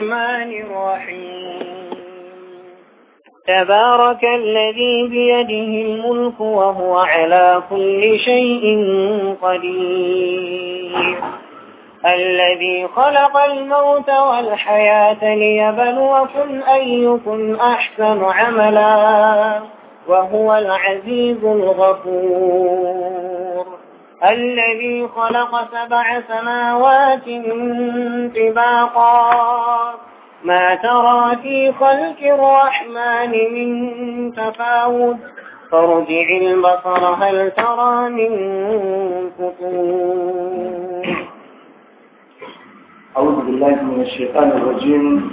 الرحمن الرحيم تبارك الذي بيده الملك وهو على كل شيء قدير الذي خلق الموت والحياة ليبلوكم أيكم أحسن عملا وهو العزيز الغفور الذي خلق سبع سماوات طباقا ما ترى في خلق الرحمن من تفاوت فارجع البصر هل ترى من فطور أعوذ بالله من الشيطان الرجيم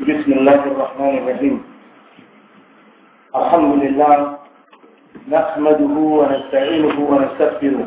بسم الله الرحمن الرحيم الحمد لله نحمده ونستعينه ونستغفره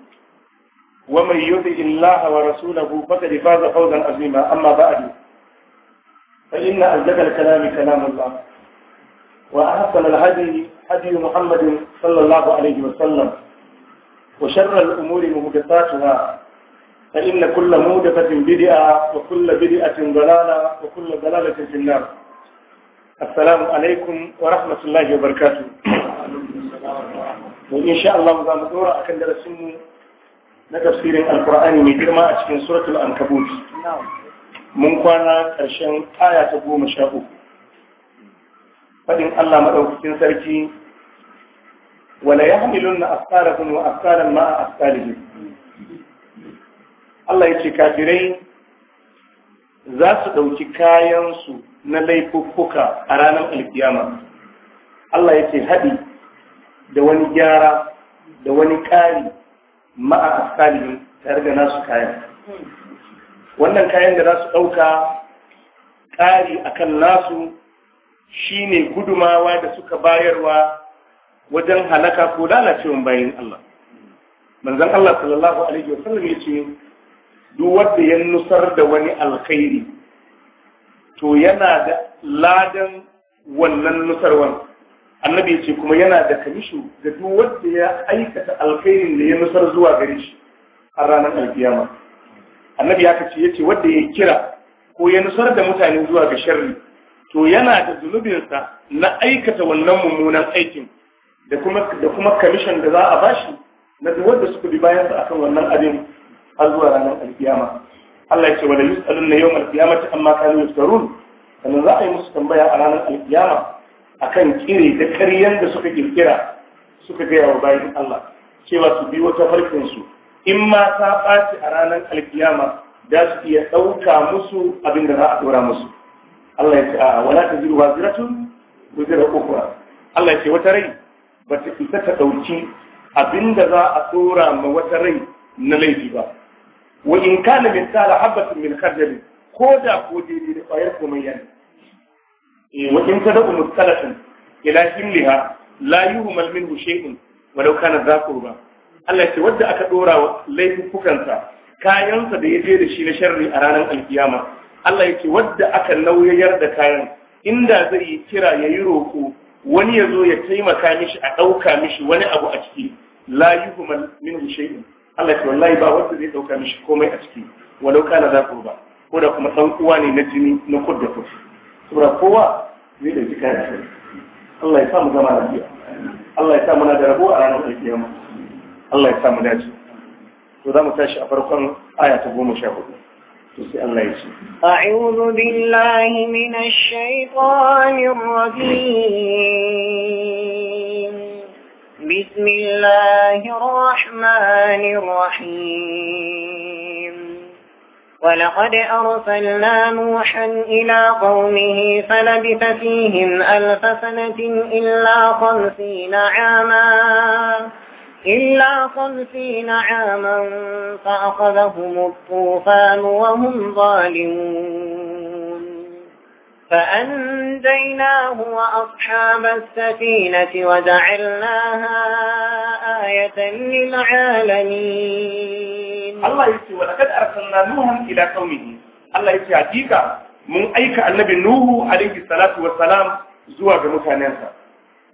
ومن يطع الله ورسوله فقد فاز فوزا عظيما اما بعد فان اصدق الكلام كلام الله واحسن الهدي هدي محمد صلى الله عليه وسلم وشر الامور محدثاتها فان كل موجفه بدعه وكل بدعه ضلاله وكل ضلاله في النار السلام عليكم ورحمه الله وبركاته وان شاء الله za اكن dora na tafsirin alkur'ani mai girma a cikin suratul ankabut mun kwana ƙarshen aya ta goma sha uku faɗin allah maɗaukakin sarki wala ya hamilun na askarahun wa askaran ma a askarihim allah ya ce kafirai za su ɗauki kayansu na laifuffuka a ranar alkiyama allah ya ce haɗi da wani gyara da wani ƙari ma'a afkalihim tare da nasu kayan wannan kayan da za su ɗauka ƙari akan nasu shine gudumawa da suka bayarwa wajen halaka ko lalacewan bayan Allah manzan Allah sallallahu alaihi wasallam ya ce duk wanda ya nusar da wani alkhairi to yana da ladan wannan nusarwan annabi ce kuma yana da kamishu ga duk wanda ya aikata alkhairin da ya nusar zuwa gare shi a ranar alkiyama annabi ya kace yace wanda ya kira ko ya nusar da mutane zuwa ga sharri to yana da zunubinsa na aikata wannan mummunan aikin da kuma da kuma kamishin da za a bashi na duk wanda suka bi bayan sa akan wannan abin har zuwa ranar alkiyama Allah ya ce wala yus'aluna yawmal qiyamati amma kanu yusarun kana za a yi musu tambaya a ranar alkiyama akan kire da karyan da suka kirkira suka gaya wa bayan Allah cewa su bi wata farkin su in ma ta ɓaci a ranar alkiyama da su iya ɗauka musu abin da za a ɗora musu Allah ya ce a wala ta jiru waziratun wuzira ukura Allah ya ce wata rai ba ta isa ta ɗauki abin da za a ɗora ma wata rai na laifi ba wa in kana min tsara habbatin min khardali ko da ko daidai da ƙwayar komai yana Eh, wa in tad'u mustalatan ila himliha la yuhmal minhu shay'un walau kana zakurba Allah ce wadda aka dora wa laifukansa kayansa da ya je da shi na sharri a ranar alkiyama Allah ya ce wadda aka nauyayar da kayan inda zai yi kira ya yi roƙo wani ya zo ya taimaka mishi a ɗauka mishi wani abu a ciki la yuhmal minhu shay'un Allah ce wallahi ba wanda zai ɗauka mishi komai a ciki walau kana zakurba ko da kuma ɗan uwa ne na jini na kudda kudu saboda kowa zai da jika da Allah ya samu zama lafiya Allah ya samu na da rabuwa a ranar yamma. Allah ya samu dace to za mu tashi a farkon aya ta goma sha hudu أعوذ بالله من الشيطان الرجيم بسم الله الرحمن الرحيم ولقد أرسلنا نوحا إلى قومه فلبث فيهم ألف سنة إلا خمسين عاما إلا خمسين عاما فأخذهم الطوفان وهم ظالمون فأنجيناه وأصحاب السفينة وجعلناها آية للعالمين الله يسي ولقد أرسلنا نوحا إلى قومه الله يسي عجيكا من أيك النبي نوح عليه الصلاة والسلام زوا بمتانيسا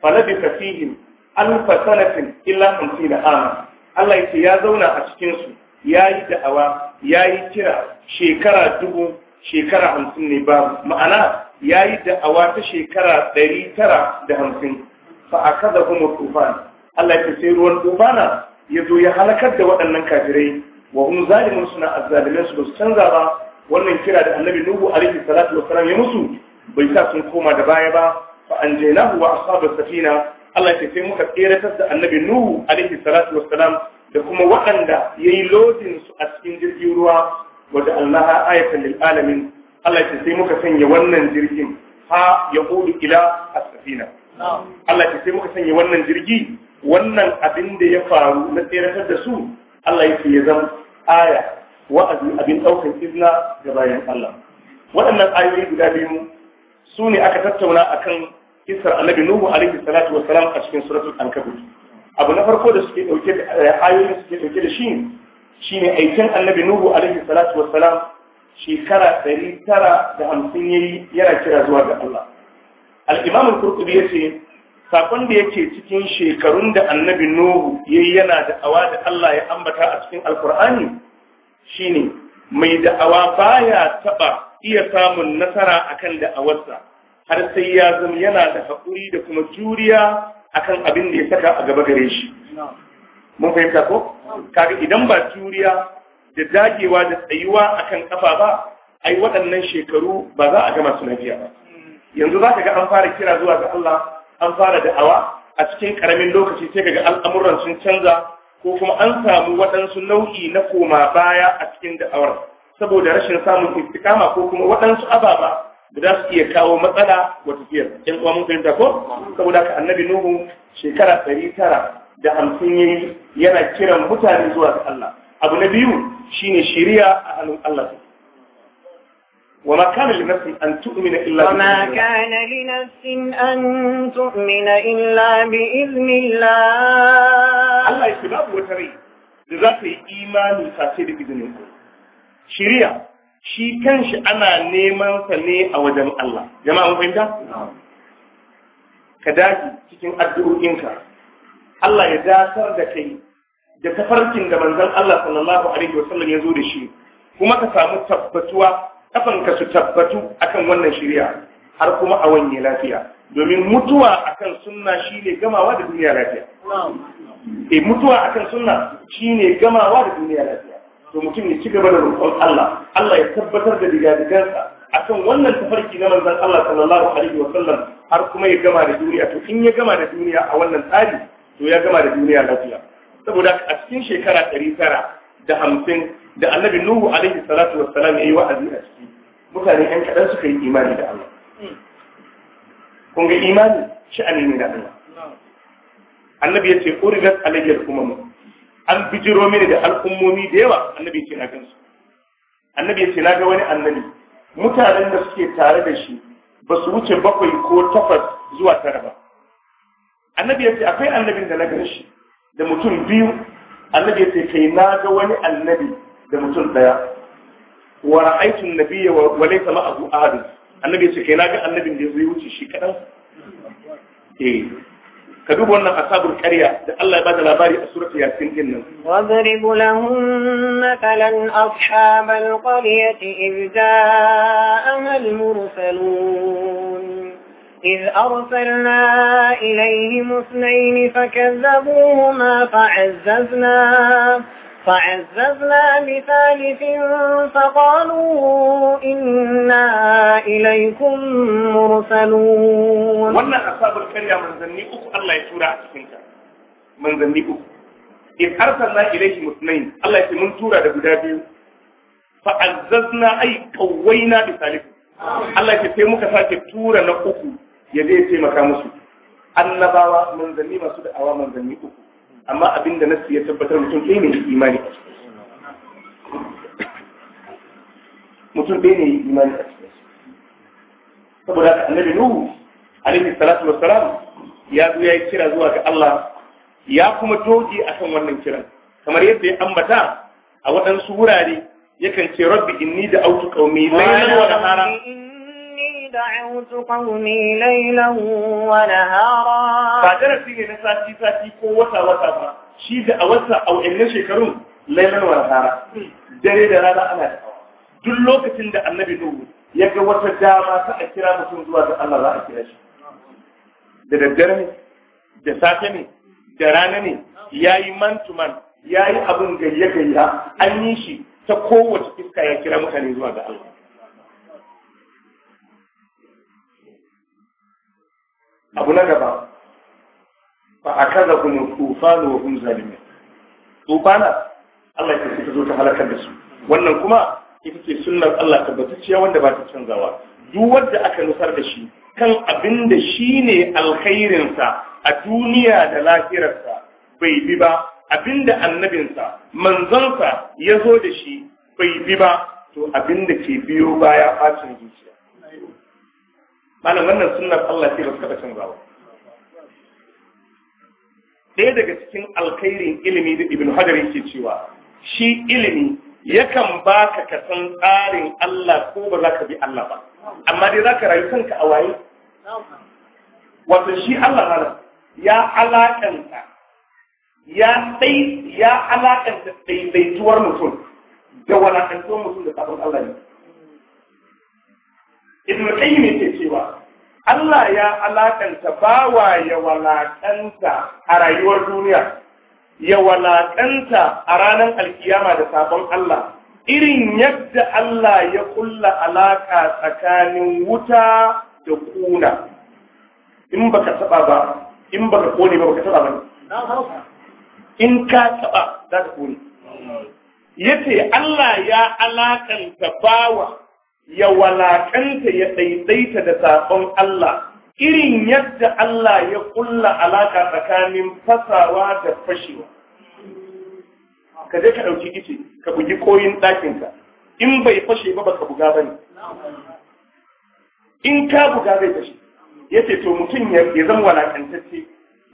فلبث فيهم ألف سنة إلا خمسين عاما الله يسي يا زونا أشكنسو يا دعوة يا كرا شكرا دبو شكرا خمسين باب معناه ya yi da'awa ta shekara ɗari tara da hamsin fa a kaza kuma tufan Allah ya sai ruwan tufana ya zo ya halakar da waɗannan kafirai wa hum zalimun suna azzalimin su ba su canza ba wannan kira da annabi nuhu alaihi salatu wassalam ya musu bai sa sun koma da baya ba fa anjaynahu wa ashabas safina Allah ya sai muka tseratar da annabi nuhu alaihi salatu wassalam da kuma waɗanda yayi lodin su a cikin jirgin ruwa wa da Allah ayatan lil alamin Allah ya sai muka sanya wannan jirgin ha ya hudu ila asafina Allah ya sai muka sanya wannan jirgi wannan abin da ya faru na tseratar da su Allah ya ce ya zama aya wa'azi abin ɗaukar izina ga bayan Allah waɗannan ayoyi guda biyu su ne aka tattauna akan kisar annabi nuhu alaihi salatu wa salam a cikin suratul ankabut abu na farko da suke ɗauke da eh, ayoyin suke ɗauke da shi shine aikin annabi nuhu alaihi salatu wa salam shekara ɗari tara da hamsin ya yi yana kira zuwa ga Allah. Al'imamun Kurkubi ya ce, Sakon da yake cikin shekarun da annabi Nuhu ya yi yana da'awa da Allah ya ambata a cikin Alkur'ani shi ne, mai da'awa baya taɓa iya samun nasara a akan da'awarsa, har sai ya zama yana da haƙuri da kuma juriya a kan abin da ya saka a gaba gare shi. Mun fahimta ko? Kaga idan ba juriya da dagewa da tsayuwa akan kafa ba ai waɗannan shekaru ba za a gama su lafiya ba yanzu za ka ga an fara kira zuwa ga Allah an fara da'awa a cikin karamin lokaci sai kaga al'amuran sun canza ko kuma an samu waɗansu nau'i na koma baya a cikin da'awar saboda rashin samun istikama ko kuma waɗansu ababa da za su iya kawo matsala wa tafiyar Yan uwa mun fahimta ko saboda ka annabi nuhu shekara ɗari tara da hamsin yayi yana kiran mutane zuwa ga Allah abu na biyu shine shiriya a hannun Allah وما كان لنفس أن تؤمن إلا وما كان لنفس أن تؤمن إلا بإذن الله الله يسبب وتري لذلك إيمان تاسير بإذن الله شريعة shi kanshi ana neman sa ne a wajen Allah jama'a mun fahimta cikin addu'o'inka Allah ya dasar da kai da tafarkin da manzon Allah sallallahu alaihi wasallam ya zo da shi kuma ka samu tabbatuwa kafanka su tabbatu akan wannan shirya har kuma a wanye lafiya domin mutuwa akan sunna shine gamawa da duniya lafiya eh mutuwa akan sunna shine gamawa da duniya lafiya to mutum ya ci gaba da roƙon Allah Allah ya tabbatar da digadigansa akan wannan tafarki na manzon Allah sallallahu alaihi wasallam har kuma ya gama da duniya to in ya gama da duniya a wannan tsari to ya gama da duniya lafiya saboda a cikin shekara ɗari tara da hamsin da annabi nuhu alaihi salatu Wa salam ya yi wa'azi a ciki mutane yan kaɗan suka yi imani da Allah kun ga imani sha'ani ne da Allah annabi ya ce urigat alayya al-umam an bijiro mini da al'ummomi da yawa annabi ya ce na gansu annabi ya ce na ga wani annabi mutanen da suke tare da shi ba su wuce bakwai ko takwas zuwa tara ba annabi ya ce akwai annabin da na gan shi da mutum biyu annabi ya ce kai na ga wani annabi da mutum daya wa ra'aytu an-nabiyya wa laysa ma'ahu ahad annabi ya ce kai na ga annabin da zai wuce shi kadan eh ka duba wannan asabul karya da Allah ya bada labari a suratul yasin din nan wadrib lahum matalan ashabal qaryati idza amal mursalun إذ أرسلنا إليهم اثنين فكذبوهما فعززنا فعززنا بثالث فقالوا إنا إليكم مرسلون وانا أصاب الكريا من ذنبك الله يتورع تسنك من ذنبك إذ أرسلنا إليهم اثنين الله يتمنى تورع دبدابي فعززنا أي قوينا بثالث الله يتمنى ce نقوكم ya zai taimaka musu annabawa manzanni masu da'awa manzanni uku amma abinda nasu ya tabbatar mutum ɗaya ne imani a mutum ɗaya ne imani a saboda haka annabi nuhu alaihi salatu wassalam ya zo ya yi kira zuwa ga Allah ya kuma doge akan wannan kiran kamar yadda ya ambata a waɗansu wurare yakan ce rabbi inni da autu qaumi laylan wa nahara دعوت قومي ليلا ونهارا فاجر سيني نساتي ساتي كو وتا وتا ما شي da a wata a wayannan shekarun lailan wa dare da rana ana da duk lokacin da annabi nuhu ya ga wata dama ta a kira mutum zuwa ga Allah za a kira shi da daddare ne da safe ne da rana ne yayi man to man yi abun gayya gayya an yi shi ta kowace iska ya kira mutane zuwa ga Allah abu na gaba fa akaza kuma tufanu wa hum zalimin tufana Allah ya ta zo ta halakar da su wannan kuma ita ce sunnar Allah tabbatacciya wanda ba ta canzawa duk wanda aka nusar da shi kan abin da shi ne alkhairinsa a duniya da lafiyarsa bai bi ba abin da annabinsa manzonsa ya zo da shi bai bi ba to abin da ke biyo baya bacin malam wannan sunnar Allah ce ba su taɓa canzawa ɗaya daga cikin alkhairin ilimi da ibn hajar yake cewa shi ilimi yakan ba ka kasan tsarin Allah ko ba za ka bi Allah ba amma dai za ka rayu kanka a waye wato shi Allah mana ya alaƙanta ya ya mutum da wadatattuwar mutum da sabon Allah ne ibn qayyim yake cewa Allah ya alakanta bawa ya walakanta a rayuwar duniya ya walakanta a ranar alkiyama da sabon Allah irin yadda Allah ya kulla alaka tsakanin wuta da kuna in baka taba ba in baka kone ba baka taba ba in ka taba za ka kone yace Allah ya alakanta bawa ya walakanta ya daidaita da saƙon Allah irin yadda Allah ya ƙulla alaka tsakanin fasawa da fashewa. Ka je ka ɗauki ice, ka bugi koyin ɗakinka, in bai fashe ba baka buga ba ne. In ka buga bai fashe, ya ce to mutum ya zama walakantacce,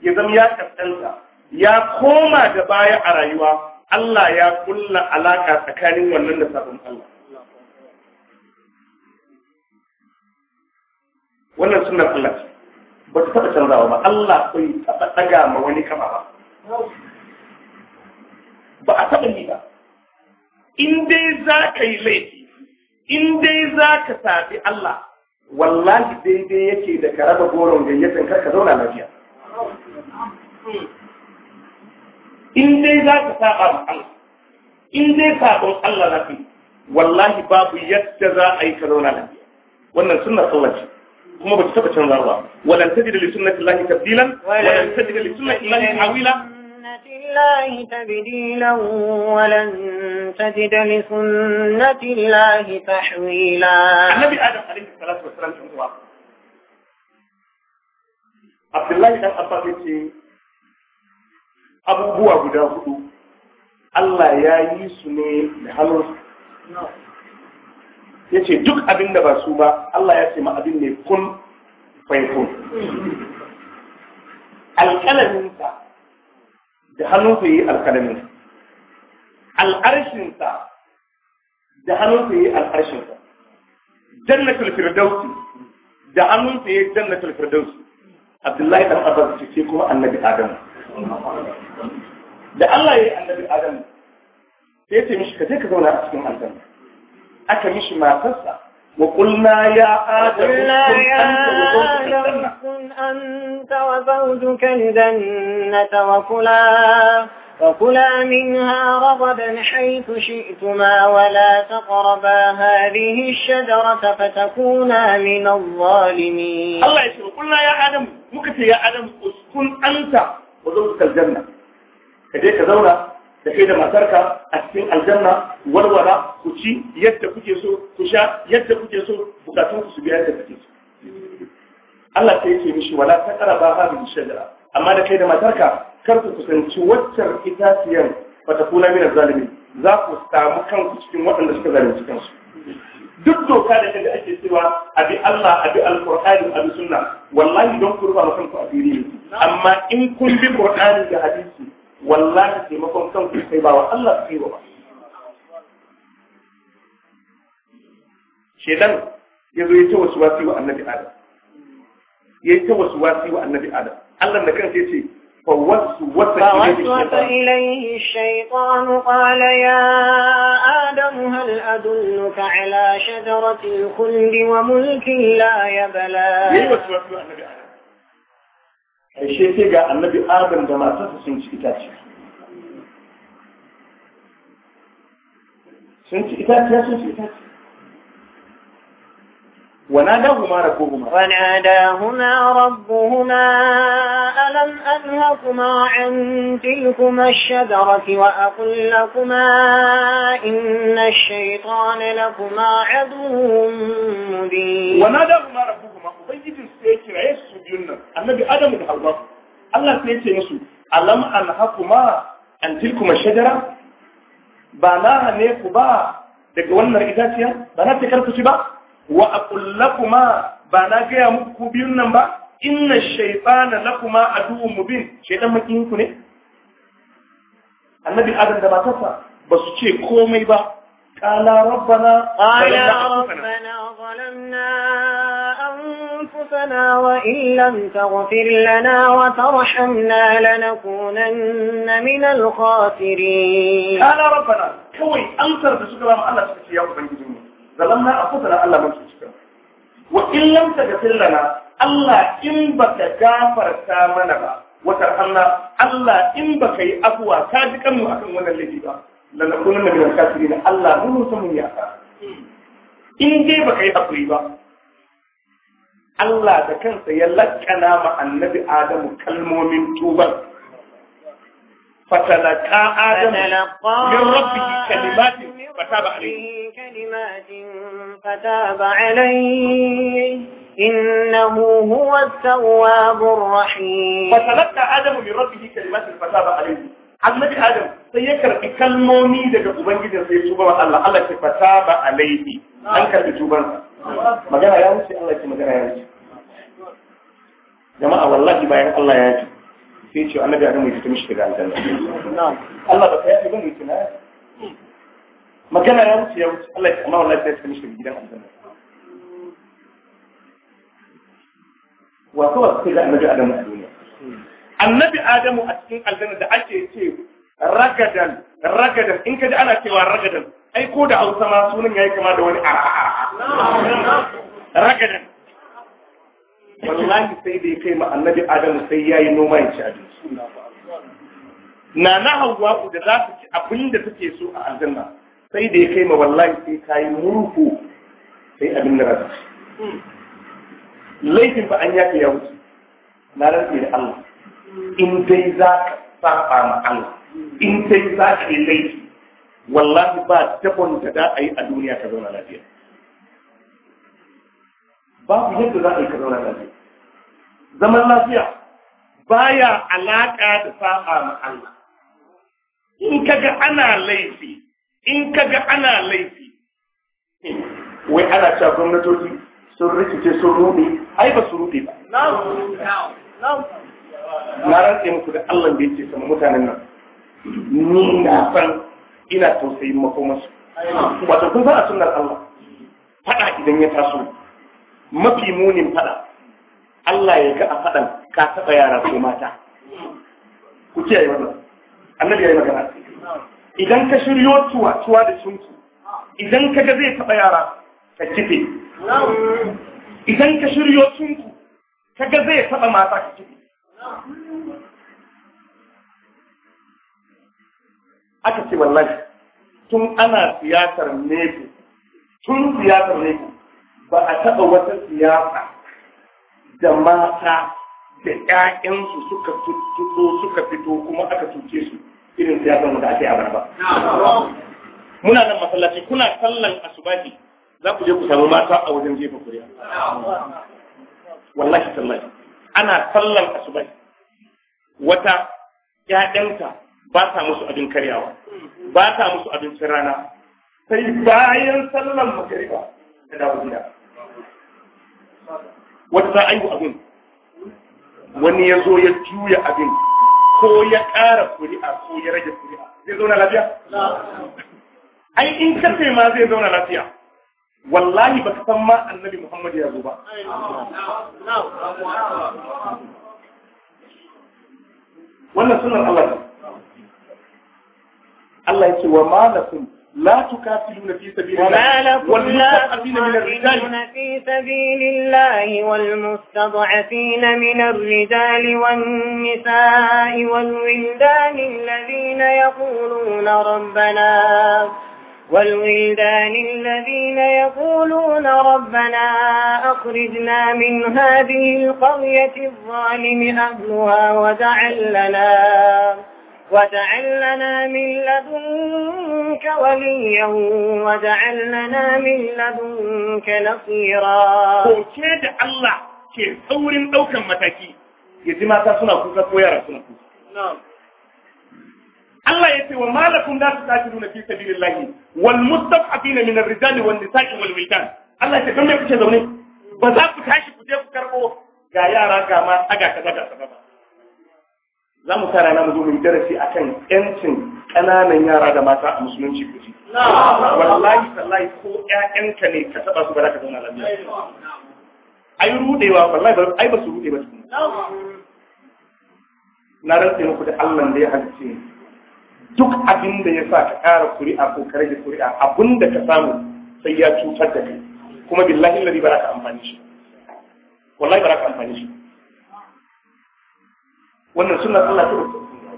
ya zama ya ƙasƙanta, ya koma da baya a rayuwa, Allah ya ƙulla alaka tsakanin wannan da sabon Allah. wannan sunnar Allah ce ba ta taɓa canzawa ba Allah bai taɓa ɗaga ma wani kama ba ba a taɓa ni ba in dai za ka yi laifi in dai za ka saɓi Allah wallahi daidai yake da ka raba goron gayyatan kar ka zauna lafiya in dai za ka saba ma Allah in dai sabon Allah na fi wallahi babu yadda za a yi ka zauna lafiya wannan sunna sallah ce kuma ba ta taba canza ba walan tajida li sunnati llahi tabdilan walan tajida li sunnati llahi tawila الله تبديلا ولن تجد لسنة الله تحويلا النبي آدم عليه الصلاة والسلام جمعوا عبد الله بن abubuwa guda huɗu Allah ya yi su ne da ya ce duk abin da ba su ba Allah ya ce ma abin ne kun faifun alƙalaminsa da hannunsa yi alƙalaminsa al'arshinsa da hannunsa yi al'arshinsa jannatul firdausi da hannunsa yi jannatul firdausi abdullahi dan abbas ce kuma annabi adam da Allah ya yi annabi adam sai ya ce mishi ka je ka zauna a cikin aljanna aka mishi matarsa وقلنا يا آدم كن أنت وزوجك الجنة وكلا وكلا منها رغدا حيث شئتما ولا تقربا هذه الشجرة فتكونا من الظالمين الله يسير قلنا يا آدم مكتي يا آدم اسكن أنت وزوجك الجنة كذلك زونا da kai da matarka a cikin aljanna walwala ku ci yadda kuke so ku sha yadda kuke so bukatun ku su biya yadda kuke so Allah sai yake mishi wala ta qaraba hadhihi shajara amma da kai da matarka kar ku kusanci waccan itaciyar bata kula mina zalimi za ku samu kanku cikin waɗanda suka zalunci kansu duk doka da inda ake cewa abi Allah abi alqur'ani abi sunna wallahi don ku rufa kanku a fili amma in kun bi qur'ani da hadisi wallahi taimakon kanku kai ba wa Allah su kai ba dan ya zo ya ta wasu wasi wa annabi adam ya ta wasu wasi wa annabi adam Allah da kansa ya ce فوسوس إليه الشيطان قال يا آدم هل أدلك على شجرة الخلد وملك لا يبلى karshe sai ga annabi adam da matarsa sun ci itace sun ci itace sun ci itace وناداهما ربهما وناداهما ربهما ألم أنهكما عن تلكما الشجرة وأقل لكما إن الشيطان لكما عدو مبين وناداهما ربهما أبيت السيكي عيسو biyun nan annabi da hawa Allah sai ce musu alam an hakuma an tilkuma shajara ba na hane ku ba daga wannan itaciya ba na ta ci ba wa aqullakuma ba na gaya muku ku biyun nan ba inna shaytana lakuma aduwwun mubin shaytan makin ku ne annabi adam da matarsa ba su ce komai ba qala rabbana qala rabbana zalamna أنفسنا وإن لم تغفر لنا وترحمنا لنكونن من الخاسرين كان ربنا كوي أنصر بشكرا الله سكتي يا ربنا جميع ظلمنا أنفسنا الله من سكتي وإن لم تغفر لنا الله إن بك غافر تامنا وترحمنا الله إن بك أفوا كاجكم أكم ولا الذي لنكونن من الخاسرين الله نور سمي يا إن جيبك أفريبا Allah da kansa ya lakana ma annabi Adamu kalmomin tubar فتلقى آدم من ربه كلمات فتاب عليه كلمات فتاب عليه إنه هو التواب الرحيم فتلقى آدم من ربه annabi Adamu sai ya karbi kalmomi daga ubangijinsa ya tuba wa Allah Allah ya fataba alaihi an karbi tubarsa magana ya wuce Allah ce magana ya wuce jama'a wallahi bayan Allah ya ce sai ce annabi Adamu ya fita mishi daga aljanna Allah ba ka yafe ba ne magana ya wuce ya wuce Allah ya amma wallahi sai ya fita mishi gidan aljanna wa kawai sai da annabi Adamu a duniya annabi Adamu a cikin aljanna da ake ce ragadan ragadan in ka ji ana cewa ragadan ai ko da hausa ma sunan yayi kama da wani ara ragadan wallahi sai dai kai ma annabi adamu sai yayi noma ya ci abinci na na hawa da za su ci abin da suke so a aljanna sai da ya kai ma wallahi sai kai murku sai abin da za laifin ba an yafe ya wuce na rantsi da Allah in dai za ka saba ma Allah in dai za ka yi laifi wallahi ba tabon da za a yi a duniya ka zauna lafiya babu yadda za a yi ka zauna lafiya zaman lafiya baya alaka da sa'a ma Allah in kaga ana laifi in kaga ana laifi wai ana cewa gwamnatoci sun rikice sun rude ai ba su rude ba na rantse muku da Allah da yake sama mutanen nan ni na san ina tausayin makomansu wato kun san a sunnar Allah fada idan ya taso mafi munin fada Allah ya ga a fadan ka taba yara ko mata ku kiyaye wannan annabi ya yi magana idan ka shiryo tuwa tuwa da sunku idan ka ga zai taba yara ka kife idan ka shiryo sunku ka ga zai taba mata ka kife aka ce wallahi tun ana siyasar nefu tun siyasar nefu ba a taɓa wata siyasa da mata da ƴaƴansu suka fito suka fito kuma aka cuce su irin siyasar mu da ake a ba. Muna nan masallaci kuna sallan asubahi za ku je ku samu mata a wajen jefa kuriya. Wallahi tallahi ana sallan asubahi wata ƴaƴanta ba sa musu abin karyawa ba sa musu abincin rana sai bayan sallan magariba da dawo gida wata ta aihu abin wani ya zo ya juya abin ko ya ƙara kuri'a ko ya rage kuri'a zai zauna lafiya? ai in kafe ma zai zauna lafiya wallahi baka san ma annabi Muhammad ya zo ba wannan sunan Allah الله يقول وما لكم لا تقاتلون في سبيل الله وما لكم لا تقاتلون في سبيل الله والمستضعفين من الرجال والنساء والولدان الذين يقولون ربنا والولدان الذين يقولون ربنا أخرجنا من هذه القرية الظالم أهلها ودعا لنا واجعل من لدنك وليا واجعل من لدنك نصيرا كيد الله ke saurin ɗaukan mataki ya ji mata suna kuka ko yara suna kuka. Allah ya ce wa malakum da su tafi nuna fi sabilillahi wal mustafafina min ar-rijali wan nisa'i wal Allah ya ce kan me kuke zaune ba za tashi ku je ku karbo ga yara ga aga za mu tara na mu zo mu darasi akan yancin ƙananan yara da mata a musulunci kuji wallahi tallahi ko ƴaƴanka ne ka taɓa su ba za ka zauna lafiya ai rudewa wallahi ai ba su rude ba tukun na rantse muku da Allah da ya halice ni duk abin da ya sa ka ƙara kuri'a ko ka rage kuri'a abin da ka samu sai ya cutar da kai kuma billahi lalli ba za ka amfani shi wallahi ba za ka amfani shi wannan suna Allah ta rubuta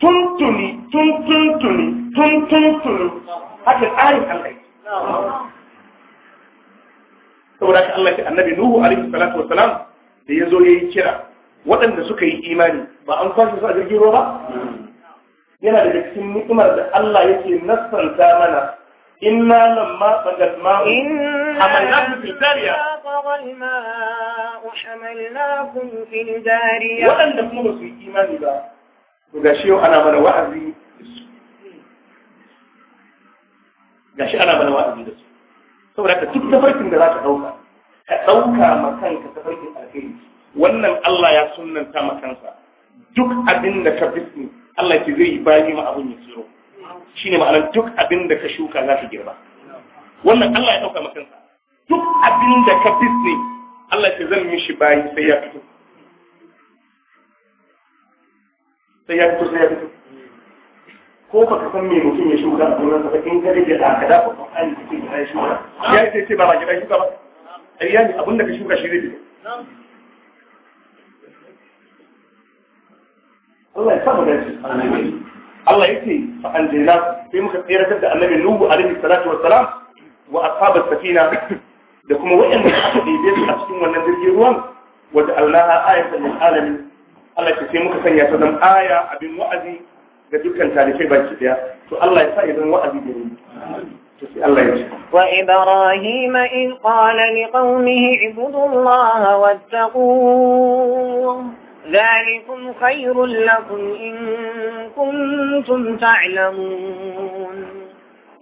tuntuni tuntuntuni tuntuntuni haka tsarin Allah saboda ka Allah ta annabi Nuhu alaihi salatu wa salam da ya zo ya yi kira waɗanda suka yi imani ba an kwashe su a jirgin ruwa ba yana daga cikin ni'imar da Allah yake nassanta mana إنا لما طغى الماء حملناكم في الجارية الماء حملناكم في الجارية وأن تكونوا في إيمان الله وقاشيو أنا من ana mana wa'azi da su saboda duk tafarkin da za ka ɗauka ka ɗauka ma kanka tafarkin wannan Allah ya sunanta ma duk abinda da ka Allah ke zai yi abin ya ne ma'anar duk abin da ka shuka za ka girba wannan Allah ya ɗauka makansa, duk abin da ka bisne Allah ce zan mishi bayi sai ya fito sai ya fito sai ya fito ko ba ka san me mutum ya shuka a gonar ba in ka rage da ka dafa Qur'ani ya shuka ya ce ce ba ba gidan shuka ba ayyani abin da ka shuka shi zai fito Allah ya gaji. Amin. Allah yake fa anjayna sai muka tsiratar da annabi Nuhu alaihi salatu wassalam wa ashabas safina da kuma wayanda suka ɗebe a cikin wannan jirgin ruwan wa ja'alnaha ayatan lil alamin Allah ya sai muka sanya ta zama aya abin wa'azi ga dukkan talibai baki daya to Allah ya sa idan wa'azi gare mu وإبراهيم إذ قال لقومه اعبدوا الله واتقوه ذلكم خير لكم إن كنتم تعلمون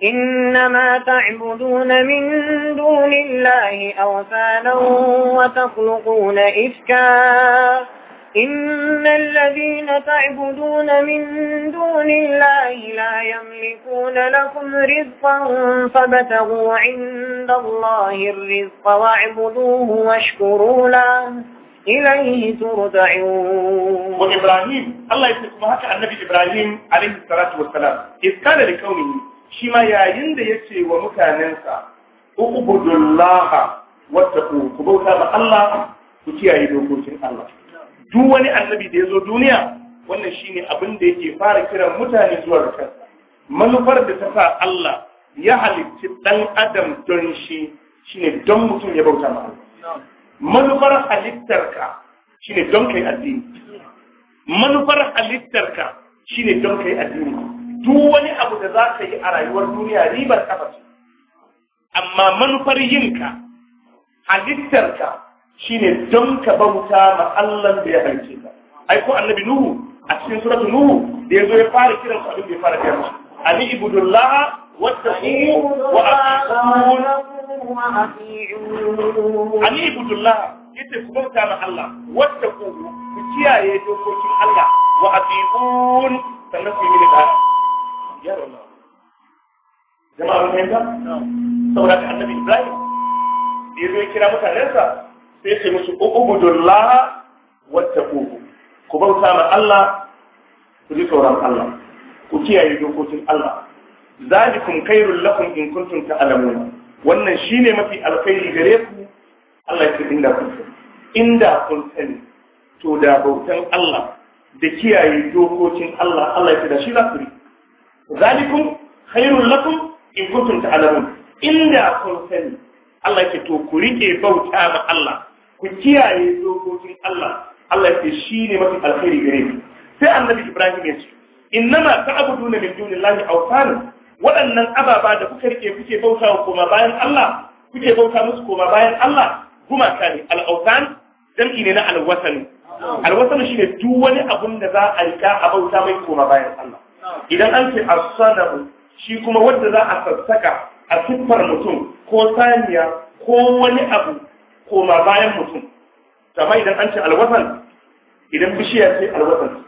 إنما تعبدون من دون الله أوثانا وتخلقون إفكا إن الذين تعبدون من دون الله لا يملكون لكم رزقا فابتغوا عند الله الرزق واعبدوه واشكروا له ilayhi turda'un wa ibrahim allah yake kuma haka annabi ibrahim alayhi salatu wassalam iskala li kaumihi shi ma yayin da yace wa mutanensa ubudullaha wa taqu ku bauta ma allah ku kiyaye dokokin allah duk wani annabi da ya zo duniya wannan shine abin da yake fara kiran mutane zuwa ga manufar da ta sa allah ya halicci dan adam don shi shine don mutum ya bauta ma allah manufar halittarka shine don kai addini manufar halittarka shine don kai addini duk wani abu da za ka yi a rayuwar duniya ribar kafa ce amma manufar yinka halittarka shine don ka bauta ma Allah da ya halice ka ai ko annabi nuhu a cikin suratu nuhu da yazo ya fara kiran su abin da ya fara kiran su ani ibudullah wattaquhu wa aqimuna Ani ibudullah yace ku bauta ma Allah wanda ku ku kiyaye dokokin Allah wa atiun sannan ku yi da ya Allah jama'a mun ga saboda annabi Ibrahim da yazo kira mutanensa sai ya ce musu ubudullah wattaquhu ku bauta ma Allah ku ji tsoron Allah ku kiyaye dokokin Allah zalikum khairul lakum in kuntum ta'lamun wannan shi ne mafi alkhairi gare ku Allah ya inda kun sani inda kun sani to da bautan Allah da kiyaye dokokin Allah Allah ya da shi za ku zalikum khairul lakum in kuntum ta'lamun inda kun sani Allah ya to ku rike bauta ma Allah ku kiyaye dokokin Allah Allah ya shi ne mafi alkhairi gare ku sai annabi Ibrahim ya ce innama ta'buduna min dunillahi awsanan waɗannan ababa da kuka rike kuke bauta wa koma bayan Allah kuke bauta musu koma bayan Allah gumaka ne al'autan jam'i ne na alwasanu alwasanu shine duk wani abun da za a rika a bauta mai koma bayan Allah idan an ce as shi kuma wanda za a sassaka a siffar mutum ko saniya ko wani abu koma bayan mutum amma idan an ce alwasan idan bishiya ce alwasan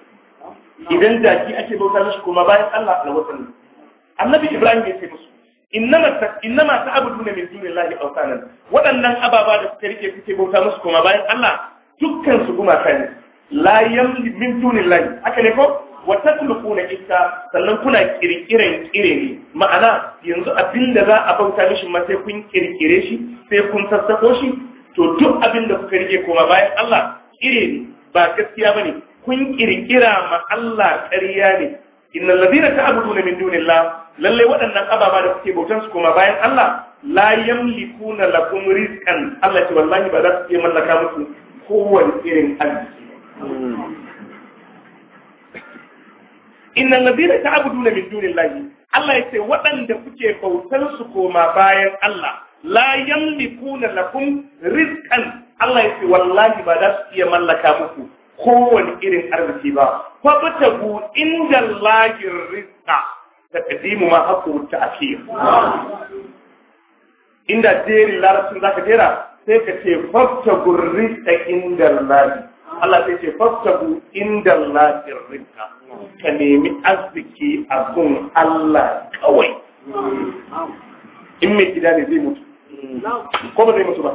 idan daki ake bauta mishi koma bayan Allah alwasan annabi ibrahim ya ce musu innama ta abudu ne min dunin lahi autanan waɗannan ababa da suka rike suke bauta musu kuma bayan allah dukkan su ta ne la yamli min lahi haka ne ko wa tatlukuna ita sannan kuna kirkiran kire ne ma'ana yanzu abin da za a bauta mishi ma sai kun kirkire shi sai kun sassako shi to duk abin da kuka rike koma bayan allah kire ne ba gaskiya ba ne. kun kirkira ma allah ƙarya ne innal ladina ta'buduna min duniya. Lallai waɗannan ababa da kuke bautan su kuma bayan Allah la na lakum rizqan Allah ce wallahi ba za su iya mallaka muku kowane irin arziki inna alladhina ta'buduna min dunillahi Allah ya ce waɗanda kuke bautar su koma bayan Allah la na lakum rizqan Allah ya ce wallahi ba za su iya mallaka muku kowane irin arziki ba fa batagu inda Allahi rizqa تقديم ma haqqu التأخير inda jerin larabcin رسول jera sai ka ce الرزق عند inda Allah sai ce fafta gu inda lafiyar rinka ka nemi arziki a kun Allah kawai in mai gida ne zai mutu ko ba zai mutu ba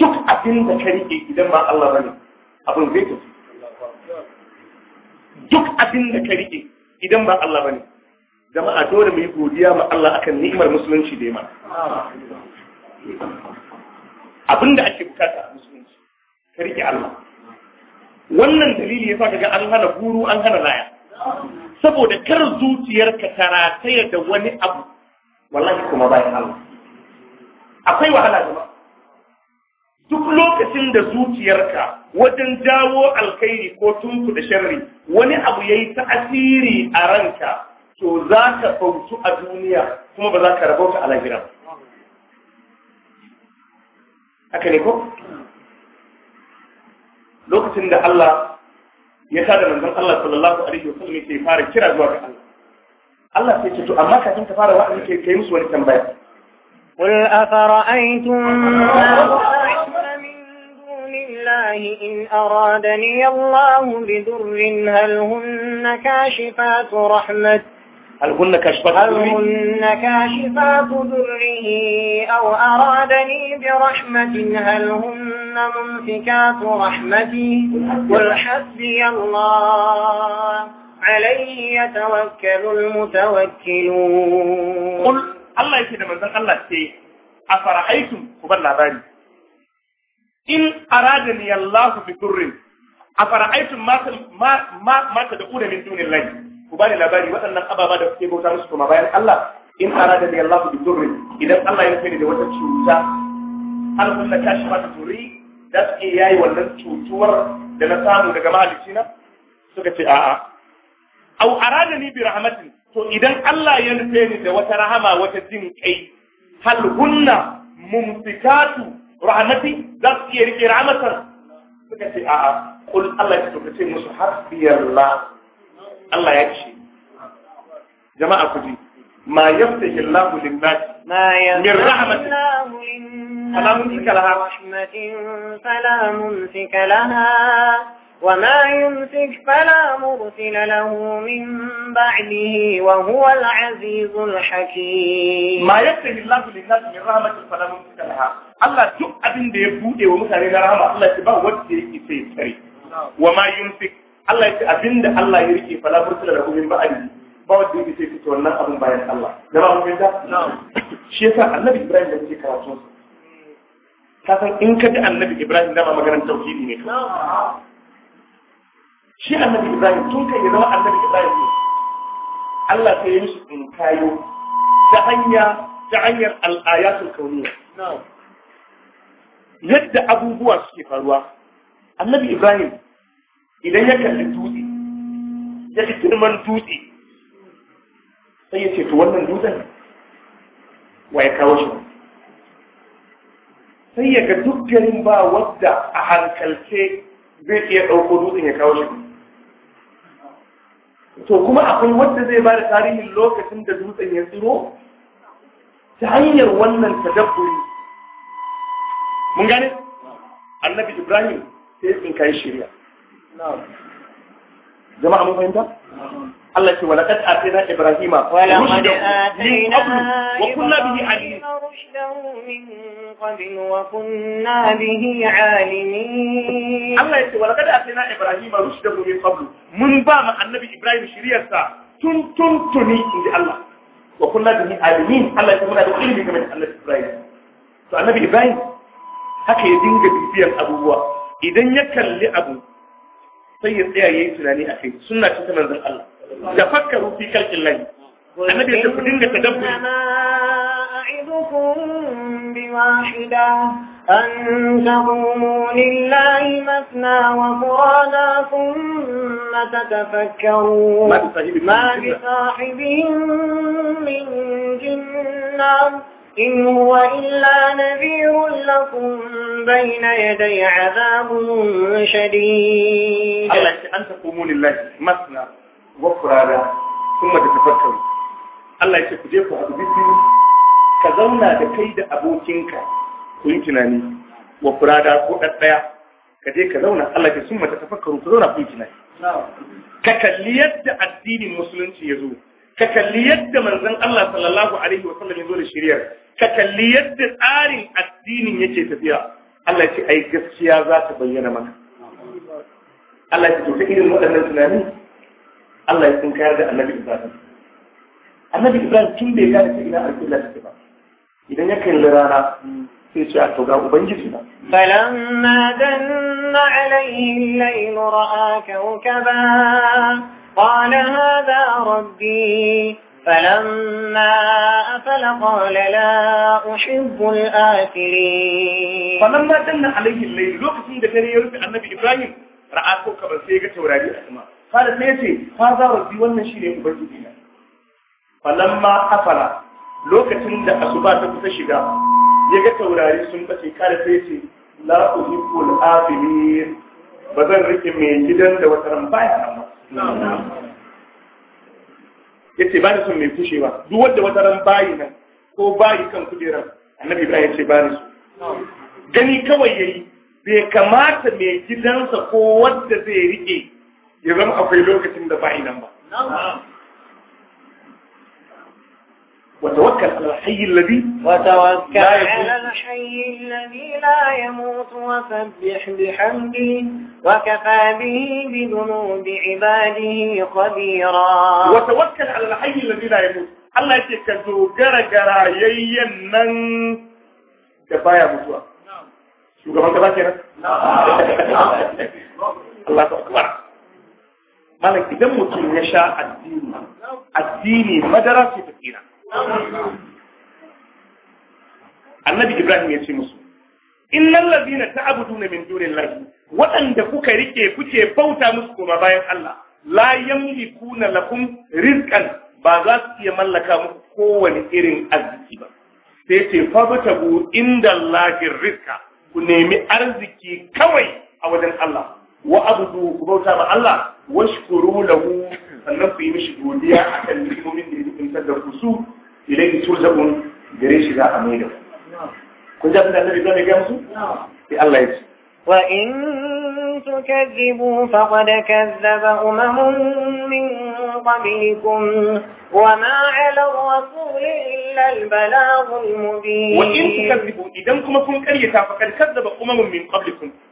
duk abin da ka rike idan ba Allah ne, abin zai tafi duk abin da ka rike idan ba Allah ba bane jama'a dole mai godiya ma Allah akan ni'imar musulunci da yamma abin da ake bukata a musulunci ka rike Allah wannan dalili yasa kaga an hana guru an hana raya. saboda kar zuciyarka ta rataya da wani abu wallahi kuma bayan Allah akwai wahala jama'a duk lokacin da zuciyarka wajen jawo alkhairi ko tunku da sharri wani abu ya yi ta'asiri a ranka to za ka bautu a duniya kuma ba za ka rabauta a lahira haka ne ko lokacin da Allah ya sa da manzon Allah sallallahu alaihi wasallam ke fara kira zuwa ga Allah Allah sai ce to amma kafin ka fara wa'azi kai musu wani tambaya قل أفرأيتم ma. الله إن أرادني الله بدر هل هن كاشفات رحمة هل هن كاشفات هل هن كاشفات أو أرادني برحمة هل هن ممسكات رحمتي قل حسبي الله عليه يتوكل المتوكلون قل الله يكيد من ذلك الله سي أفرحيتم قبل لاباني in aradani Allah bi durrin afara'aytum ma ma ma tad'una min dunillahi ku bani labari waɗannan ababa da kuke bauta musu kuma bayan Allah in aradani Allah bi durrin idan Allah ya nufi da wata cuta har kun ta shi mata turi da suke yayi wannan cutuwar da na samu daga mahalicina suka ce a'a au aradani bi rahmatin to idan Allah ya nufe ni da wata rahama wata jin kai hal hunna mumsikatu rahmati za su iya rike rahmatar suka ce a'a kul Allah ya tuka ce musu la. Allah ya ce jama'a ku ji ma yaftahi Allah lin-nas min rahmatin fala mumsika laha Salamun mumsika laha وما يمسك فلا مرسل له من بعده وهو العزيز الحكيم ما يفتح الله للناس من رحمة فلا ممسك لها Allah duk abin ya bude wa mutane na rahama Allah ba wanda yake sai tsare wa ma yumsik Allah ya ce abin da Allah ba sai fito wannan abin bayan Allah da ba shi yasa Annabi Ibrahim da yake karatu ka san in ka ji Annabi Ibrahim da ma maganar tauhidi ne shi annabi ibrahim tun kai ya zama annabi ibrahim ne Allah sai ya mishi in kayo ta hanya ta hanyar al'ayatul kauniya yadda abubuwa suke faruwa annabi ibrahim idan ya kalli dutse ya ji girman dutse sai ya ce to wannan dutsen wa ya kawo shi sai ya ga duk garin ba wadda a hankalce zai iya ɗauko dutsen ya kawo shi to kuma akwai wanda zai ba da tarihin lokacin da dutsen ya tsiro ta hanyar wannan tadabburi mun gane annabi ibrahim sai in kai shirya jama'a mun fahimta Allah ce wala kad atina ibrahima wala qad atina wa kunna bihi alim min qabl wa kunna bihi alimin Allah ce wala kad atina ibrahima rushdahu min qabl mun ba ma annabi ibrahim shiriyarsa tun tun tuni inji Allah wa kunna bihi alimin Allah ce muna da ilimi game da annabi ibrahim annabi ya dinga bibiyar abubuwa idan ya kalli abu sai ya tsaya tunani a kai suna ta manzon Allah tafakkaru fi kalkin lahi annabi ya ku dinga tadabburi a'idukum أن تقوموا لله مثنى وفرادا ثم تتفكروا ما بصاحبهم من جنة إن هو إلا نذير لكم بين يدي عذاب شديد الله أن تقوموا لله مثنى وفرارا ثم تتفكروا Allah ya ce ku je ku haɗu biyu ka zauna da kai da abokinka ku tunani wa ko ɗaɗɗaya ka je ka zauna Allah ya sun mata tafakkaru ku zauna ku tunani ka kalli yadda addinin musulunci ya zo ka kalli yadda manzon Allah sallallahu alaihi wa shiriyar ka kalli yadda tsarin addinin yake tafiya Allah ya ce ai gaskiya za ta bayyana maka Allah ya ce ta irin waɗannan tunani Allah ya sun kayar da annabi Ibrahim annabi Ibrahim tun bai gane ta ina alƙibla take ba idan ya kalli rana sai ce a to ga ubangiji na falamma danna alayhi al-layl ra'a kawkaba qala hadha rabbi فلما أفل قال لا أحب الآفلين فلما دن عليه الليل لوقت ذكر يرفع النبي إبراهيم رأى كوكبا سيغا توراري أسماء قال سيتي هذا ربي والنشير شيري أبجدنا فلما أفل لوقت ذا أسبات تشغى يغا توراري سنبتي قال سيتي لا أحب الآفلين بذن ركي من جدا دوترم بايا نعم yace ba ni son mai kushewa duk wanda wata ran bayi nan ko bayi kan kujeran annabi ibrahim yace ba ni gani kawai yayi bai kamata mai gidansa ko wanda zai rike ya zama akwai lokacin da bayi nan ba وتوكل على الحي الذي وتوكل على الحي الذي لا يموت وسبح بحمده وكفى به بذنوب عباده خبيرا وتوكل على الحي الذي لا يموت الله يتكذو جرى جرى يين من كفاية مطوع شو كمان كذا كده الله أكبر مالك إذا النشاء يشاء الدين الدين مدرسة فكيرة annabi ibrahim ya ce musu ta abu na min dunillahi waɗanda kuka rike kuke bauta musu koma bayan Allah la na lakum rizqan ba za su iya mallaka muku kowane irin arziki ba sai ce fabtagu inda Allahi rizqa ku nemi arziki kawai a wajen Allah wa abudu ku bauta ba Allah washkuru lahu sannan ku yi mishi godiya akan nimomin da ya da su ilay turzaun gare shi za a maida kun ja tunan nabi zai gamsu sai Allah ya wa in tukazzibu faqad kazzaba umamun min qablikum wa ma ala rasul illa al balagh al wa in tukazzibu idan kuma kun karyata faqad kazzaba umamun min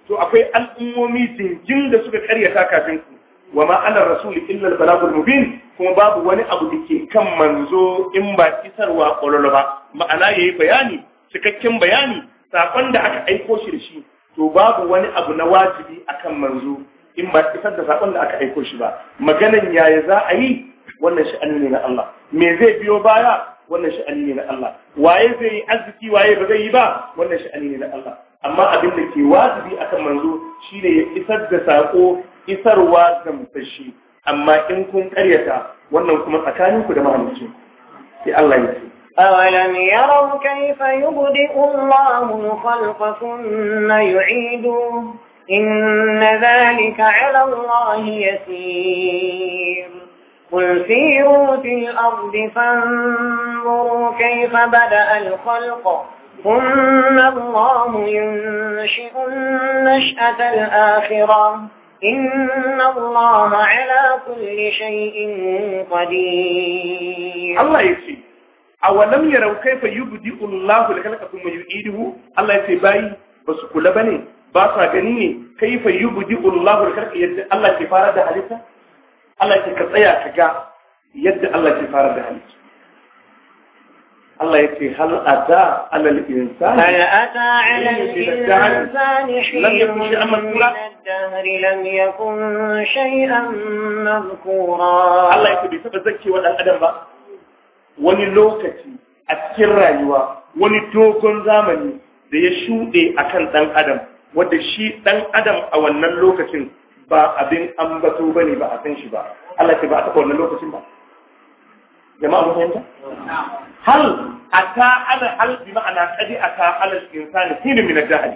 to akwai al ummomi jin da suka karyata kafin ku wa ma ana rasuli illa al-balagul mubin kuma babu wani abu da ke kan manzo in ba isarwa kololo ba ma'ana yayi bayani cikakken bayani sakon da aka aiko shi da shi to babu wani abu na wajibi akan manzo in ba isar da sakon da aka aiko shi ba maganan yaya za a yi wannan sha'ani ne na Allah me zai biyo baya wannan sha'ani ne na Allah waye zai yi arziki waye ba zai yi ba wannan sha'ani ne na Allah amma abin da ke wajibi akan manzo shine ya isar da sako isarwa gamsashi amma in kun karyata wannan kuma tsakaninku da mahalicci sai Allah ya ce أولم يروا كيف يبدئ الله الخلق ثم يعيده إن ذلك على الله يسير قل سيروا في الأرض فانظروا كيف بدأ الخلق ثم الله ينشئ النشأة الآخرة إن الله على كل شيء قدير الله يسي أولم يروا كيف يبدئ الله لخلق ثم يعيده الله يسي باي بس كل بني باسا غني كيف يبدئ الله لخلق يد الله يسي فارد حديثة الله يسي كتايا كجا يد الله يسي فارد حديثة Allah ya ce الله يكفي هل أتى على الإنسان هل أتى على الإنسان حين من Allah ya ce bai مذكورا zaki wa بسبب adam ba. wani lokaci a cikin rayuwa wani dogon zamani da ya shuɗe a kan ɗan adam wadda shi ɗan adam a wannan lokacin ba abin ambato ba ne ba a san shi ba Allah ya ce ba a taɓa wannan lokacin ba jama'a mun fahimta hal ata ala hal bi ma'ana kadi ata ala insani hinu min ad-dahr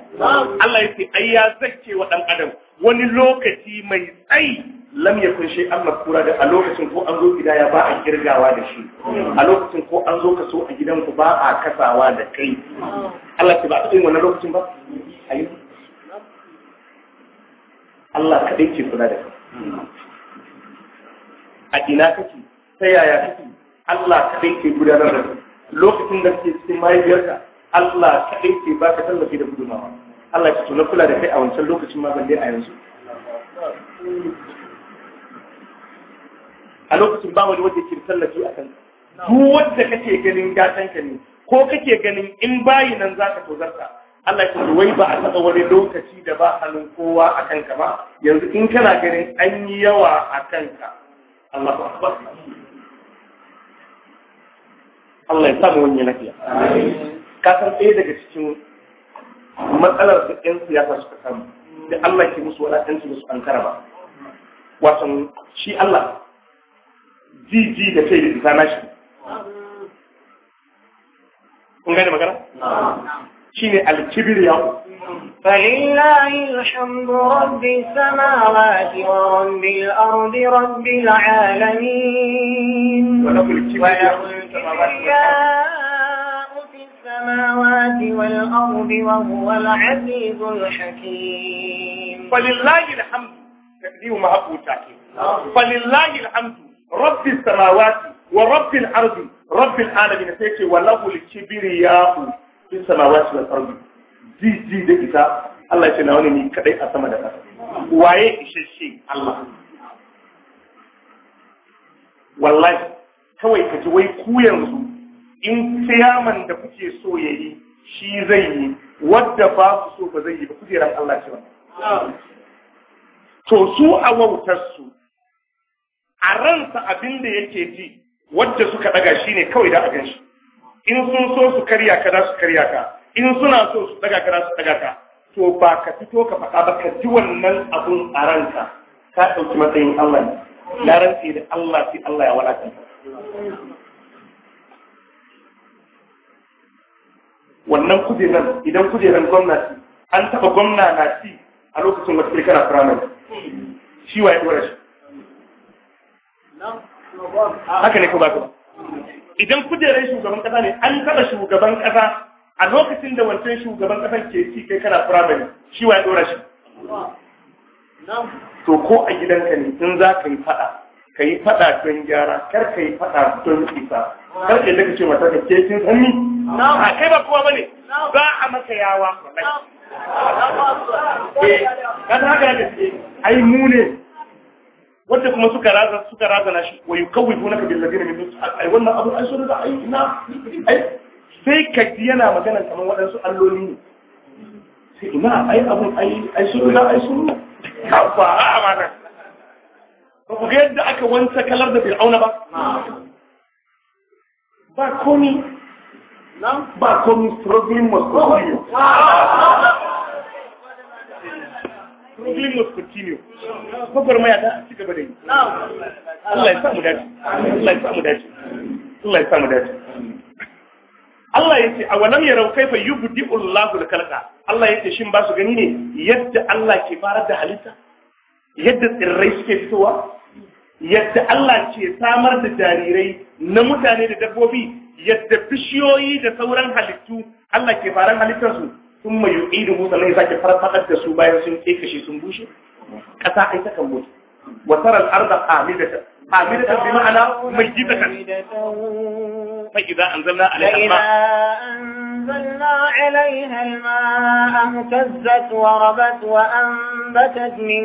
Allah yake ai ya zakke wa dan adam wani lokaci mai tsayi lam yakun shay an makura da a lokacin ko an zo gida ya ba a kirgawa da shi a lokacin ko an zo ka so a gidanku ba a kasawa da kai Allah ke ba a tsayin wannan lokacin ba ayi Allah kadai ke kula da kai a ina kake ta yaya kake Allah kadai ke gudanar da kai lokacin da ke cikin mahaifiyarka Allah kaɗai ke ba ka tallafi da gudunawa Allah ya tuna kula da kai a wancan lokacin ma balle a yanzu a lokacin ba wani wanda ke tallafi a kanka duk wanda kake ganin ka ne ko kake ganin in bayi nan za tozar tozarta Allah ya ce wai ba a taɓa wani lokaci da ba hannun kowa a kanka ba yanzu in kana ganin an yi yawa a kanka Allah ba Allah ya sa mu wani lafiya ka san ɗaya daga cikin matsalar da ɗan siyasa suka samu da Allah ke musu wadatun su an ankara ba Wato shi Allah jiji da sai da isa shi. kun gane magana shine alkibir yawo فلله الحمد رب السماوات ورب الأرض رب العالمين وله الكبرياء في السماوات والأرض وهو العزيز الحكيم فلله الحمد تقدير ما أبو تاكيد فلله الحمد رب السماوات ورب الأرض رب العالمين سيكي وله الكبرياء في السماوات والأرض jiji da isa Allah ya ce na wani ni kadai a sama da ƙasa waye isasshe Allah wallahi kawai ka ji wai ku yanzu in ciyaman da kuke so ya yi shi zai yi wadda ba su so ba zai yi ba kujeran Allah ce ba to su a wautarsu a ransa abin da yake ji wadda suka daga shi ne kawai da a shi in sun so su karya ka za su karya ka in suna so su daga ka su daga ka to ba ka fito ka faɗa ba ka ji wannan abun a ranka ka ɗauki matsayin Allah ne na rantse da Allah sai Allah ya wadata wannan kujeran idan kujeran gwamnati an taɓa gwamna na ci a lokacin wata kirkana firamare shi waye ɗora shi haka ne ko ba ka ba idan kujeran shugaban ƙasa ne an taɓa shugaban ƙasa a lokacin da wancan shugaban kasan ke ci kai kana firamare shi wa ya dora shi to ko a gidanka ne in za ka yi fada ka yi fada don gyara kar ka yi fada don isa kar ka daga ce mata ka ke cin sanni a kai ba kowa bane za a maka yawa eh kan haka da ke ai mu ne wanda kuma suka raza suka raza na shi wa yukawifuna ka bil ladina min ai wannan abu ai so da ai na ai sai ka yana magana kamar waɗansu alloli ne sai ina ai abu ai ai sunu na ai sunu kafa amana ba ku ga yadda aka wanta kalar da fir'auna ba ba komi ba komi struggling must continue struggling must continue gwagwar mayata ta ci gaba da yi Allah ya samu dace Allah ya samu dace Allah ya samu dace Allah ya ce a walam yarau kaifa yubdi'u Allahu al-khalqa Allah ya ce shin ba su gani ne yadda Allah ke farar da halitta yadda tsirrai suke fitowa yadda Allah ke samar da jarirai na mutane da dabbobi yadda bishiyoyi da sauran halittu Allah ke faran halittarsu sun mai yuƙi da musa lai sake farfadar da su bayan sun kekashe sun bushe ƙasa ai ta kan mutu wa taral arda qamidata حامدة بمعنى ميتة فإذا أنزلنا عليها الماء أنزلنا عليها الماء اهتزت وربت وأنبتت من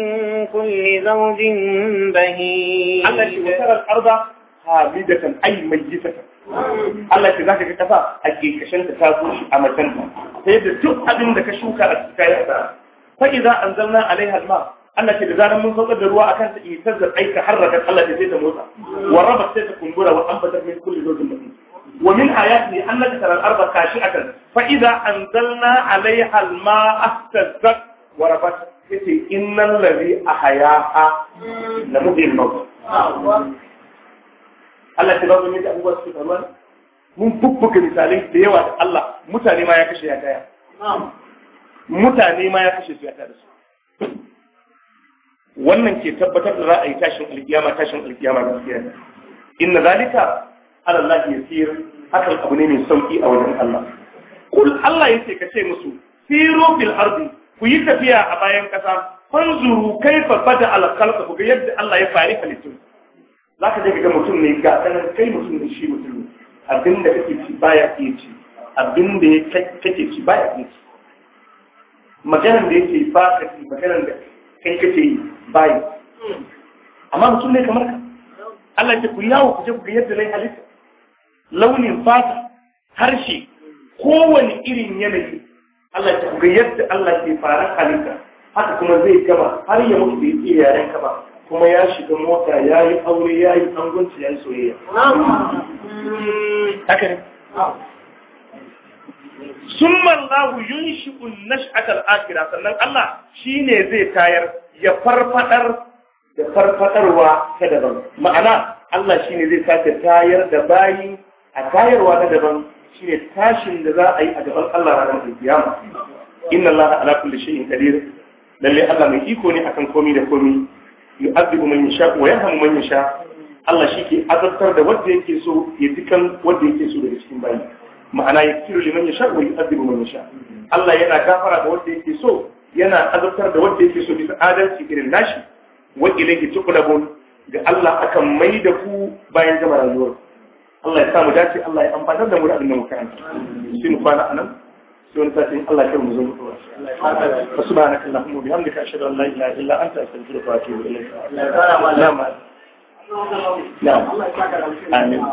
كل زوج بهيج التي وترى الأرض حامدة أي ميتة Allah ce za ka ga kasa a kekashin ta ta zo shi a macen ta yadda duk abin da ka shuka a cikin ya ta fa idza anzalna alaiha alma Allah ce da zaran mun saukar da ruwa akan ta da tazzar har harrakat Allah ce sai ta motsa wa rabat sai ta kumbura wa ambatar min kulli zawjin matin wa min ayatihi annaka taral arda khashi'atan fa idza anzalna 'alayha al-ma'a ihtazzat wa rabat yace innal ladhi ahyaha la muhyil maut Allah ta babu ne da abubuwa su faruwa mun bubbuka misalai da yawa da Allah mutane ma ya kashe ya taya mutane ma ya kashe su ya taya da su wannan ke tabbatar da za a yi tashin alkiyama tashin alkiyama gaskiya inna zalika ala Allah yasir hakan abu ne mai sauki a wajen Allah kul Allah yace ka ce musu siru bil ardi ku yi tafiya a bayan kasa fanzuru kaifa bada al khalqa ku ga yadda Allah ya fari halittu zaka je ga mutum ne ga sanan kai mutum ne shi mutum ne abinda kake ci baya iya ci abinda kake ci baya iya ci maganar da yake ba ka ci maganar da kai kake yi bayi amma mutum ne kamar ka Allah ya ku yawo ku je ku ga yadda nayi halitta launin fata harshe kowane irin yanayi Allah ya ku ga yadda Allah ke fara halitta haka kuma zai gaba har ya mutu da yake yaren ka ba kuma ya shiga mota ya yi aure ya yi angunci ya yi soyayya haka ne summa Allahu yunshi'u nash'atal akhirah sannan Allah shine zai tayar da farfadarwa ta daban ma'ana Allah shine zai sake tayar da bayi a tayarwa ta daban shine tashin da za a yi a gaban Allah ranar kiyama inna Allah ala kulli shay'in qadir lalle Allah mai iko ne akan komai da komai yu'adhibu man yasha wa Allah shi ke azabtar da wanda ya yake so daga cikin bayi ma'ana yakiru liman yasha wa yu'adhibu man sha. Allah yana gafara da wanda yake so yana azabtar da wanda yake so bisa adalci irin nashi wa ilayhi tuqlabun ga Allah akan mai da ku bayan gama rayuwar Allah ya samu dace Allah ya amfanar da mu da abin da muka anta mu kwana anan sai wani satin Allah ya mu zo mu dora subhanakallahumma bihamdika ashhadu an la ilaha illa anta astaghfiruka wa atubu ilayk Amin.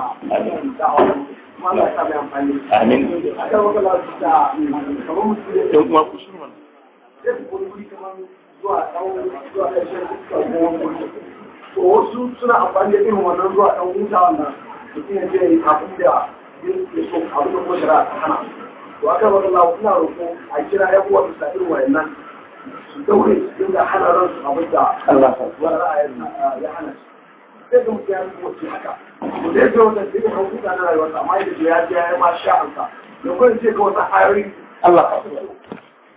Amin. wasu suna ya so a hana a kira su hana abin da Allah ya hana su sai ga mutum ya mutu wace haka to da yake wata sai ka huta na rayuwa amma yadda ya ji ya ma sha hanta da kuma sai ga wata hayoyi Allah ka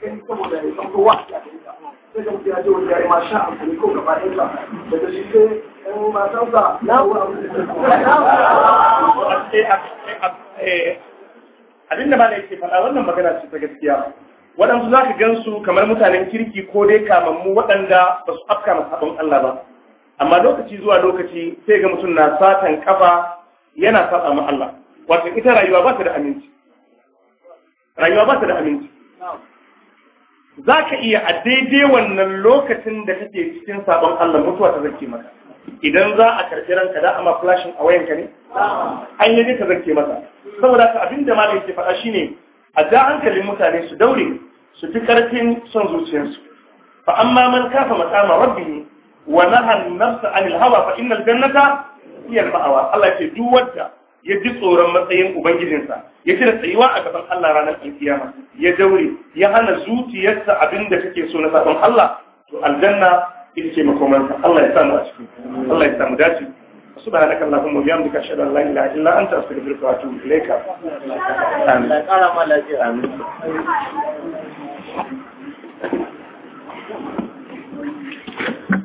kai saboda ya san kowa ya sai ga mutum ya ji wata ya ma sha hanta ne ko gaba ɗaya sa daga shi sai ɗan matansa na wani abu eh, eh, eh, abin da malai ke faɗa wannan magana ce ta gaskiya waɗansu za ka gan su kamar mutanen kirki ko dai kamammu waɗanda ba su afka masu haɓin Allah ba amma lokaci zuwa lokaci sai ga mutum na satan kafa yana saba ma Allah wato ita rayuwa ba ta da aminci rayuwa ba ta da aminci za ka iya a daidai wannan lokacin da kake cikin sabon Allah mutuwa ta zake maka idan za a karfi ranka da ama flashin a wayanka ne an yi ta zake maka. saboda ka abinda ma da yake faɗa shine a ja hankalin mutane su daure su fi karfin son zuciyarsu fa amma man kafa rabbi ne. wa naha nafsa anil hawa fa innal jannata hiya al-ma'wa Allah ce duk wanda ya ji tsoron matsayin ubangijinsa ya cire tsayuwa a gaban Allah ranar alkiyama ya daure ya hana zuciyarsa abinda da take so na sabon Allah to aljanna ita ce makomansa Allah ya samu a ciki Allah ya samu dace سبحانك اللهم وبحمدك اشهد ان لا اله الا انت استغفرك واتوب اليك امين امين